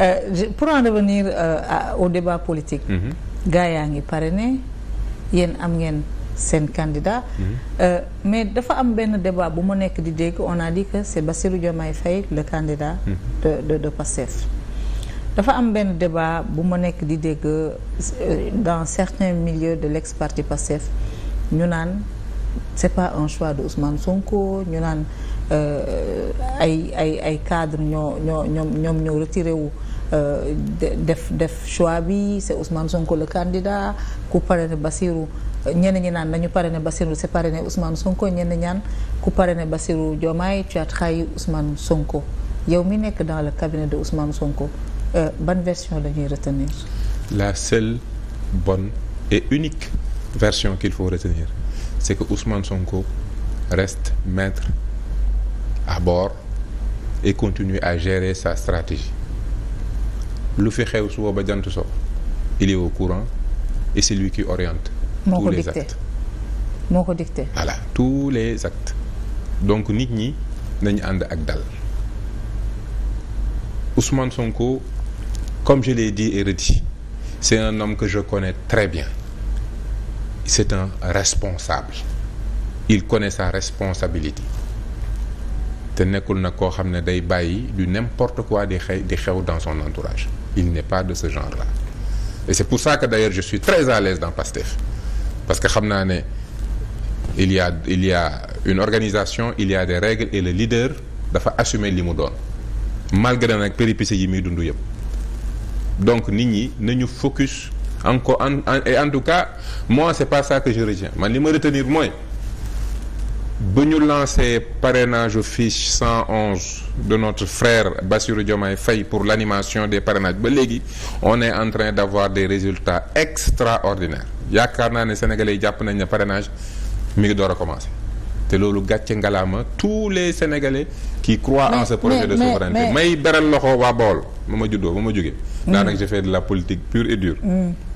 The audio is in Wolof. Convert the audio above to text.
Eh, pour en revenir euh, à, au débat politique mm-hmm. gaa yaa ngi ne yéen am ngeen seen candidat mm-hmm. euh, mais dafa am benn débat bu ma nekk di dégg on a dit que c'est Bassirou Diomaye Faye le candidat mm-hmm. de de de Pastef dafa am benn débat bu ma nekk di dégg euh, dans certains milieux de l'ex-parti Pastef ñu naan c'est pas un choix de Ousmane Sonko ñu naan ay ay ay cadre ñoo ñoo ñoom ñoom ñoo retiré wu Euh, def def choix bi c'est Ousmane Sonko le candidat ku parrainé Bassirou ñenn ñi naan pare dañu parrainé Bassirou c'est ne Ousmane Sonko ñenn ñaan ku parrainé Bassirou Diomaye tu as trahi usman Sonko yow mi nekk dans le cabinet de Ousmane Sonko euh, ban version la ñuy retenir. la seule bonne et unique version qu'il faut retenir c'est que Ousmane Sonko reste maître à bord et continue à gérer sa stratégie. lu fi xew suba ba jant so il est au courant et c'est qui oriente tous les actes moo ko dicté voilà tous les actes donc nit ñi nañu ànd ak dal Ousmane Sonko comme je l'ai dit et redit c'est un homme que je connais très bien c'est un responsable il connaît sa responsabilité te nekkul na koo xam ne day bàyyi du n'importe quoi di di xew dans son entourage il n'est pas de ce genre là et c'est pour ça que d'ailleurs je suis très à l'aise dans PASTEF parce que xam naa ne il y a il y une organisation il y a des règles et leader dafa assumer li mu doon malgré nag péripéties yi muy dund yëpp donc nit ñi ñu focus encore en et en tout cas moi c'est pas ça que je man li ma retenir mooy ba ñu lancé parrainage au fiche 111 de notre frère Bassirou Diomaye Faye pour l'animation des parenage ba léegi on est en train d'avoir des résultats extraordinaires yaakaar naa ne sénégalais jàpp nañ ne parrainage mu ngi door a commencé te loolu gàcce ngalaama tous les sénégalais qui croient en ce projet de souveraineté may beral loxo waa Bawol ma ma juddoo ma ma jógee mm. daanaka j'ai fait de la politique pure et dure mm.